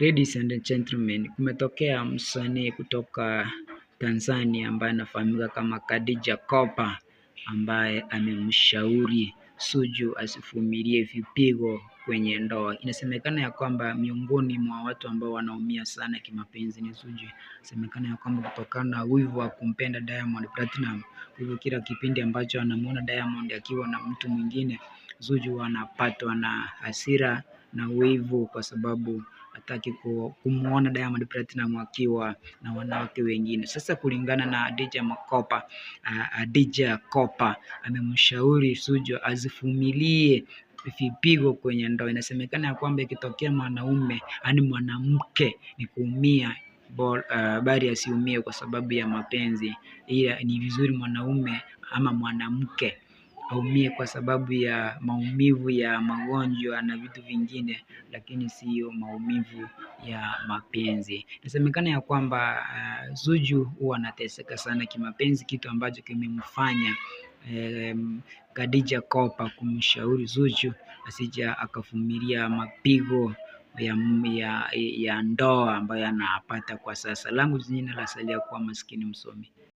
Ladies and gentlemen, kumetokea msanii kutoka Tanzania ambaye anafahamika kama Khadija Kopa ambaye amemshauri Suju asivumilie vipigo kwenye ndoa. Inasemekana ya kwamba miongoni mwa watu ambao wanaumia sana kimapenzi ni Suju. Inasemekana ya kwamba kutokana na wivu wa kumpenda Diamond Platinum, hivyo kila kipindi ambacho anamuona Diamond akiwa na mtu mwingine, Suju anapatwa na hasira na wivu kwa sababu hataki kumuona Diamond Platinum akiwa na wanawake wengine. Sasa kulingana na Dija Makopa, uh, Kopa amemshauri Sujo azifumilie vipigo kwenye ndoa. Inasemekana ya kwamba ikitokea mwanaume ani mwanamke ni kuumia ah, bali uh, asiumie kwa sababu ya mapenzi, ila ni vizuri mwanaume ama mwanamke aumie kwa sababu ya maumivu ya magonjwa na vitu vingine, lakini siyo maumivu ya mapenzi. Inasemekana ya kwamba uh, Zuchu huwa anateseka sana kimapenzi, kitu ambacho kimemfanya um, Khadija Kopa kumshauri Zuchu asija akavumilia mapigo ya, ya, ya ndoa ambayo anapata kwa sasa. Langu jina la salia kuwa Maskini Msomi.